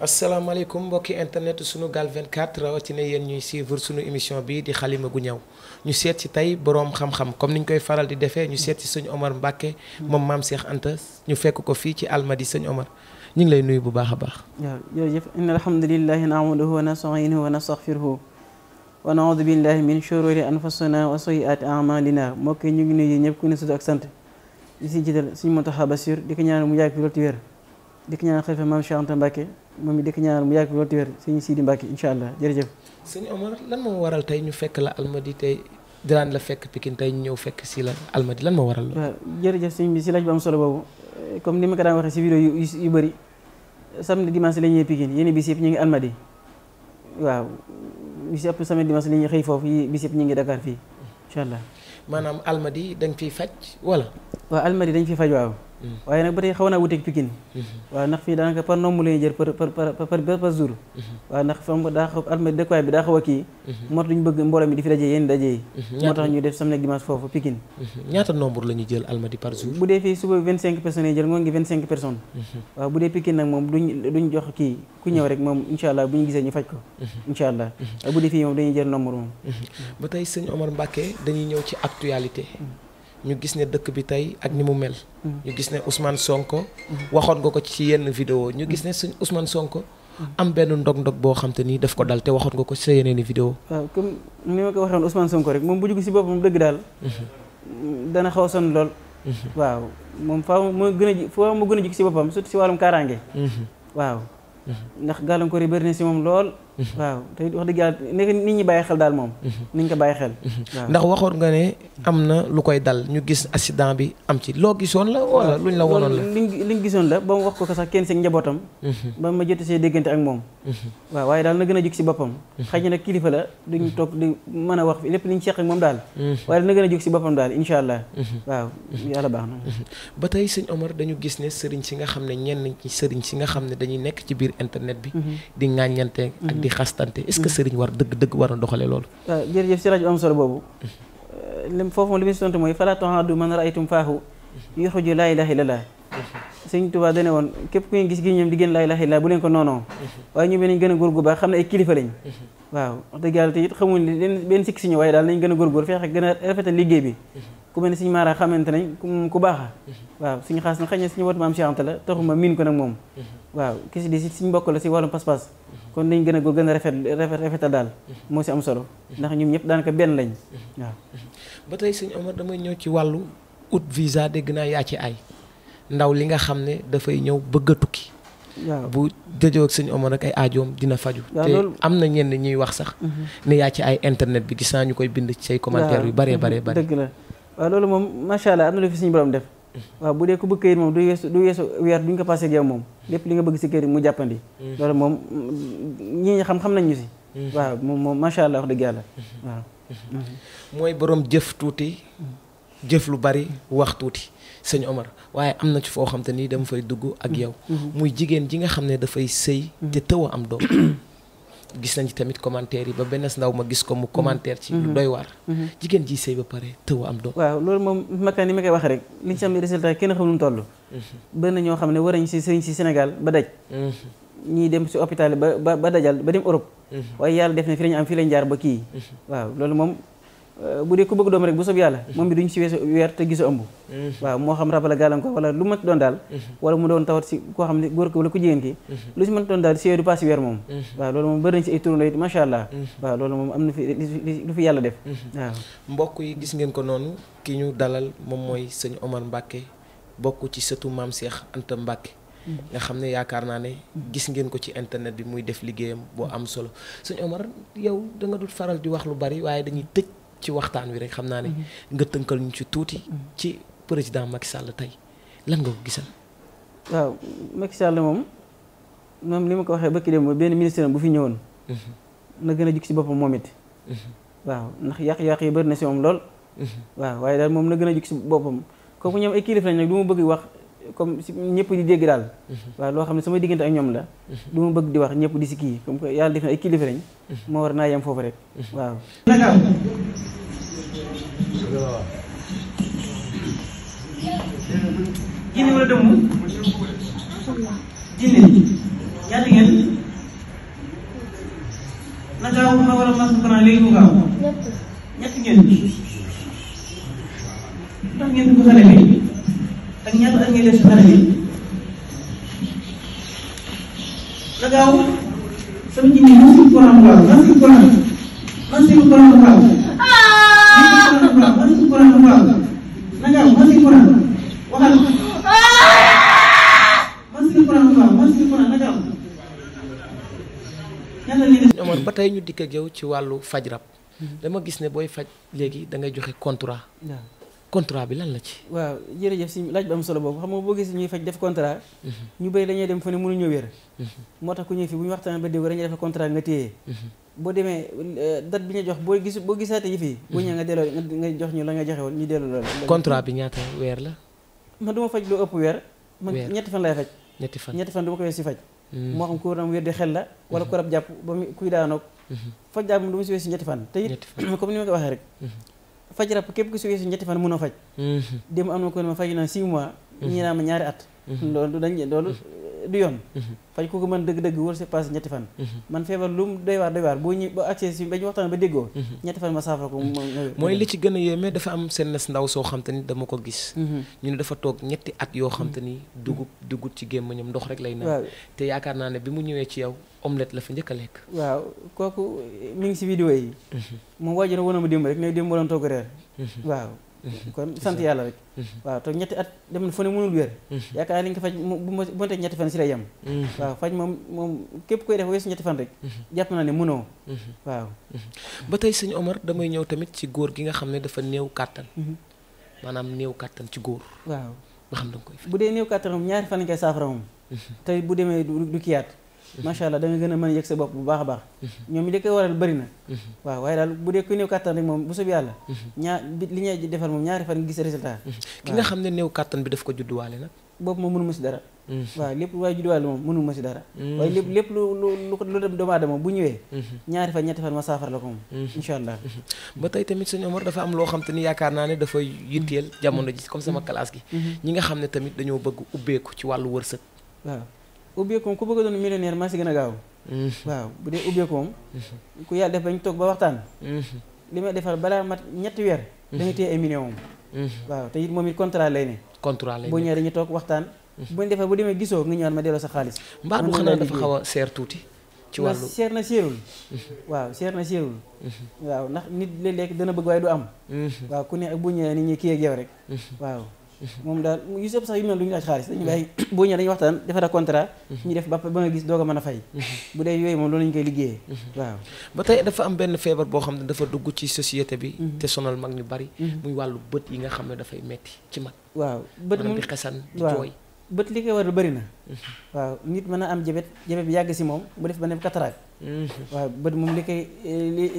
asalaamaaleykum mbokki internet sunu gaal 24 rawatina yéen ñuy suivre sunu émission bi di xalima gu ñëw ñu seet ci tey boroom xam-xam comme ñu koy faral di defee ñu seet ci sëñ Omar Mbacke moom maam Cheikh Anta ñu fekk ko fii ci almadi sëñ Omar ñu ngi lay nuyu bu baax a baax. waaw jërëjëf inna alhamdulillahi nahmaduhu wa nasta'inuhu wa nastaghfiruhu wa na'udhu billahi min shururi anfusina wa sayyiati a'malina mbokki ñu ngi nuyu ñëpp ku ne suuf ak sant di si jiital suñu Mountakha Bassirou di ko ñaanal mu yàgg fi loolu ci wér. di ko ñaanal xalifa maam Cheikh Anta Mbacke moom it di ko ñaanal mu yàgg loolu téwér sëñ Sidi Mbacke incha allah jërëjëf sëñ Omar lan moo waral tey ñu fekk la almadi tey daan la fekk Pikine ñëw fekk si la almadi lan moo waral loolu waaw jërëjëf sëñ bi si laaj bu am solo boobu eh, comme ni ma ko daan waxee si vidéo yu bëri samedi dimanche la ñuy Pikine yéen bis yëpp ñu ngi almadi waaw ñu si ëpp samedi dimanche la ñuy xëy foofu yi bis yëpp ñu ngi Dakar fii incha allah maanaam almadi dañ fiy faj wala waaw almadi dañ fiy faj waaw Mm-hmm. waaye nag ba tey xaw naa wuteeg Pikine mm-hmm. waaw ndax fii mm-hmm. daa xaw alma bi daa xaw a kii moo tax ñu bëgg mbooloo mi di fi daje yéen daje yi moo tax ñu def samedi ak foofu Pikine ñaata nombre la jël almadi par jour bu dee fii suba vingt cinq personnes yi jël ngoo ngi vingt cinq personnes waaw bu dee Pikine nag moom duñ duñ jox kii ku ñëw rek moom incha allah bu ñu gisee ñu faj ko incha allah bu dee fii moom dañuy jël nombre moom ba tey sëñ Omar Mbacke ñu gis ne dëkk bi tey ak ni mu mel. Mm. ñu gis ne Ousmane Sonko. waxoon nga ko ci yenn vidéo ñu gis ne suñ Sonko. am benn ndog-ndog boo xam te ni daf ko dal te waxoon nga ko ci sa yeneen i vidéo. waaw comme ni ma ko waxee woon Ousmane Sonko rek moom bu jug si boppam dëgg daal. Mhm. dana xaw a sonn lool. Mhm. waaw moom faaw ma gën a a jug si boppam kaaraange. Mhm. waaw ndax gàllankoor yi bëri na si moom lool. waaw te wax dëgg yàlla nit ñi bàyyi xel daal moom. Mhm. niñ ko bàyyi xel. Mhm. ndax waxoon nga ne am na lu koy dal ñu gis accident bi am ci loo gisoon la wala luñ la wonoon la. liñ gisoon la ba mu wax ko sax kenn seen njabootam. Mhm. ba ma jot see déggante ak moom. waaw waaye daal na gën a jóg si boppam. xëy na kilifa la duñ toog di mën a wax lépp liñ seq ak moom daal. waaye na gën a jóg si boppam daal incha allah. waaw yàlla baax na. ba tey sëñ Omar dañu gis ne xastante est-ce que mm. sëriñ war dëgg dëgg war na doxale loolu waaw jërëjëf si rajo am solo boobu mm-hmm. lim foofu li mu si tontu mooy fala tohadu man raaytum faahu mm-hmm. yuxuju laa ilaha illallah sëñ bu leen ko noonoo mm-hmm. waaye ñu nañ gën a góor gu baax xam ne ay kilifa lañ waaw wax dëgg te it xamuñ benn sikk si ñu waaye daal nañ gën a góorgóor fexe gën a rafetal liggéey bi ku mel ne suñu maara xamante nañ ku baaxa mhm. waaw suñu xaas na xëy na suñu wat ma miin ko nag moom mhm. waaw kisi di si suñu mbokk la si wàllum pas-pas mhm. kon dañ gën a ko a rafet rafetal daal moo si am solo ndax ñoom ñëpp daanaka benn li nga xam ne dafay ñëw bëgg a tukki bu jëjoo ak sëñ Omar ak ay aajoom dina faju te am na ñenn ñuy wax sax ne yaa ci ay internet bi gis naa ñu koy bind ci say commentaire yu baree baree bare waaw loolu moom macha allah am na lu fi suñu borom def waaw bu dee ku bëgg këyit moom du weesu du weesu weer duñ ko passé ak yow moom lépp li nga bëgg si këyit mu jàppandi loolu moom ñi ñi xam-xam nañ ñu si waaw moom moom macha allah wax dëgg yàlla waaw mooy boroom jëf tuuti jëf lu bari wax tuuti sëñ Omar waaye am na ci foo xam te ni dama fay dugg ak yow mm-hmm. muy jigéen ji nga xam ne dafay sëy mm-hmm. te am doom gis nañ ci tamit commentaire yi ba benn ndaw ma gis ko mu commentaire ci lu mhm. doy waar mhm. jigéen ji sëy ba pare tëw am doom waaw loolu moom makkaan ni ma koy wax rek liñ ci am résultat kenn xamul nu mu toll mhm. ñoo xam ne war si sëriñ si Sénégal ba daj ñii dem si hôpital ba ba dajal ba dem Europe waaye yàlla def na fi lañu am fii lañ jaar ba kii waaw loolu moom Euh, bu dee ku bëgg doom rek bu soob yàlla moom bi duñ si weesu weer te gisa ëmb mm-hmm. waaw moo xam a la gàllankoor wala lu mënti doon daal mm-hmm. wala mu doon tawat si koo xam ne góor ki wala ku jigéen ki mm-hmm. lu si mënti doon daal si du na fi lu fi yàlla def waaw mbokk yi gis ngeen ko noonu ki ñu dalal moom mooy sëñ Omar Mbacke bokk ci sëtu maam Cheikh Anta Mbacke nga xam ne yaakaar naa ne gis ngeen ko ci internet bi muy def liggéeyam boo am solo sëñ Omar yow da nga faral di wax lu bari waaye dañuy tëj ci waxtaan wi rek xam naa ne. Mhm. nga tënkal ñu ci tuuti. Mhm. ci président Macky Sall tey lan nga ko gisal. waaw Macky Sall moom moom li ma ko waxee bëkki dem mooy benn ministre bu fi ñëwoon. Mhm. na gën a jug si boppam moom it. waaw ndax yàq-yàq yi bëri na si moom lool. waaw waaye daal moom na gën a jug si boppam kooku ñoom ay kilifa lañ nag du bëgg wax. comme si di dégg daal. Mhm. waaw loo xam ne sama diggante ak ñoom la. Mhm. du bëgg di wax ñëpp di si kii comme que yàlla def na ay kilifa lañ. Mhm. moo war war a mas Quraan léegi mu gaaw. ñett ngeen. ndax ngeen di ko xale ak ñaata at ngay def si xale bi la gaaw sama nji mi man suñu borom waaw man suñu borom man suñu borom waaw man suñu borom waaw la gaaw man suñu borom waxal man suñu borom waaw man suñu borom la gaaw ñaata lii def amoon ba ñu dikk ak yow ci wàllu faj rab dama gis ne booy faj léegi dangay joxe contrat contrat bi lan la ci. waaw jërëjëf si laaj bi am solo boobu xam nga boo gisee ñuy faj def contrat. Mhm. ñu bëri dañuy dem fu ne mënuñu wér. Mhm. moo tax ku ñëw fii bu ñu waxtaanee ba déggoo dañuy mhm. boo demee euh, date bi ñu jox boo gis boo gisaatee la nga joxe ñu delloo loolu. contrat bi ñaata la. man du ma faj lu ëpp weer. weer man ñetti fan lay faj. ñetti fan ñetti ko wees si faj. moo xam ku am wér di xel la. wala ku rab jàpp ba muy kuy daanoog. faj daal moom si wees si ñetti fan. te it comme ni ma ko waxee rek faj rab képp ku si weesu ñetti fan mënoo faj. dem mhm. am na ko ma faj na 6 mois. Mhm. ñii naa ma ñaari at. Mhm. loolu dañ loolu du yoon faj ku ko mën dëgg-dëgg wër c'est passé ñetti fan man feebar lu mu doy waar doy waar boo ñi ba accès si ba ñu waxtaan ba déggoo ñetti fan ma saafara ko mooy li ci gën a yéeme dafa am seen ndaw soo xam dama ko gis mhm. ñu ne dafa toog ñetti at yoo xam mhm. dugub dugub ci gémmiñam ndox rek lay naan te yaakaar naa ne bi mu ñëwee ci yow omelette la fa njëkk a lekk waaw kooku mi ngi si vidéo yi mhm. moom waajur woon na ma démb rek ne démb waroon togg reer Mhm. kon sant yàlla rek mhm. waaw te ñetti at dem na fu ne mënul wér mhm. yaakaar nañ ko faj bu ma teg ñetti fan si lay yem waaw faj moom moom képp koy def weesu ñetti fan rek jàpp naa ne mënoo waaw ba tey sëñ Omar damay ñëw tamit ci góor gi nga xam ne dafa néew kàttan maanaam néew kàttan ci góor waaw nga xam danga koy faj bu dee néew kàttan moom ñaari fan lañ koy saafara moom bu demee du kiyaat macha allah da nga gën a mën a yëg sa bopp bu baax a baax ñoom ñi da koy waral bëri na waaw waaye daal bu dee ku néew kàttan rek moom bu soob yàlla ñaar li ñuy defal moom ñaari fan nga gis résultat ki nga xam ne néew kàttan bi daf ko judduwaale nag boobu moom mënu si dara mm-hmm. mm-hmm. waaye lépp lépp lu lu dem doomu aadama bu ñëwee mm-hmm. ñaari fan ñetti fan ma saafara la ko moom incha allah ba tey tamit sëñ Omar dafa am loo xam te ni yaakaar naa ne dafay yitteel jamono ji comme sama ubbeeku moom ku bëgg a doon millionnaire maa si gën a gaaw mm-hmm. waaw bu dee ubbeeku moom mm-hmm. ku yàlla def ba ñu toog ba waxtaan mm-hmm. li may defar balaa mat ñetti weer dañu téye ay million moom waaw te it moom it contrat lay ne contrat lay ne boo ñëwee dañu toog waxtaan bu ñu defar bu demee gisoo nga ñëwaat ma delloo sa xaalis mbaa du xanaa dafa xaw a seer tuuti ci wàllu seer na waaw seer na seerul waaw ndax nit léeg-léeg dana bëgg waaye du am waaw ku ne ak bu ñëwee ni ñi kii ak yow rek waaw moom daal yu sëpp sax yu mel du ñu laaj xaalis dañu bàyyi boo ñëwee dañuy waxtaan defara contrat mhm. ñu def ba ba nga gis doog a mën a fay mhm. bu dee yooyu moom loolu lañu koy liggéeyee mhm. waaw ba tey dafa am benn feebar boo xam ne dafa dugg ci société bi te sonal mag ñu bari muy wàllu bët yi nga xam ne dafay metti ci mag waaw bët moom di xesan di jooy bët li koy waral bari na waaw nit mën a am jabet jabet bi yàgg si moom mu def ba nekk cataracte waaw bët moom li koy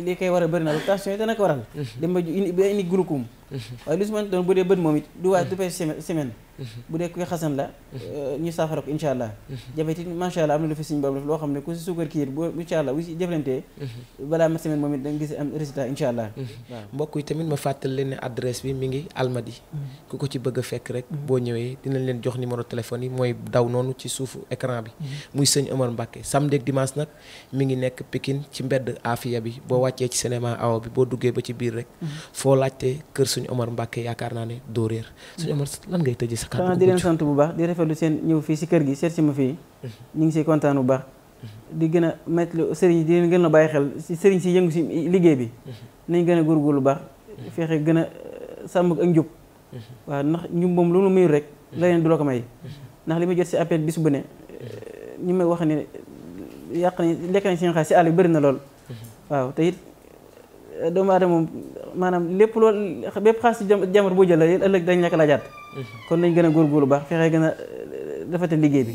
li koy war a bëri na lu tension yi dana ko waral dem ba indi glaucome semaine bu dee koy xasan la euh, ñu saafara ko insha allah jabet it macha allah am na lu fi suñu borom def loo xam ne ku si suukar kiir bu insha allah bu si jëflantee balaa mat semaine moom it da gis am résultat insha allah waaw mbokk yi tamit ma fàttali ne adresse bi mi ngi almadi ku ko ci bëgg a fekk rek boo ñëwee dinañ leen jox ci suufu écran bi muy sëñ Omar Mbacke samedi ak dimanche nag mi ngi nekk Pikine ci mbedd Afia bi boo wàccee ci cinéma awa bi boo duggee ba ci biir rek foo laajtee kër suñu Omar Mbacke yaakaar naa ne doo réer suñu Omar lan ngay tëjee sa kàddu di leen sant bu baax di rafetlu seen ñëw fii si kër gi seet si ma fii ñu ngi siy kontaan bu baax di gën a mettre sëriñ di leen gën a bàyyi xel si sëriñ si yëngu si liggéey bi nañ gën a góorgóorlu bu baax fexe gën a sàmm ak njub uhuh. waaw ndax njub moom lu mu mayul rek la ndax li ma jot si appel bis bu ne ñu may wax ne yàq nañ lekk nañ seen xaalis si àll bi bëri na lool. waaw te it doomu aadama moom maanaam lépp lool bépp xaalis si jàmbur boo jëlee ëllëg dañ nekk laajaat. kon nañ gën a góorgóorlu baax fexe gën a rafetal liggéey bi.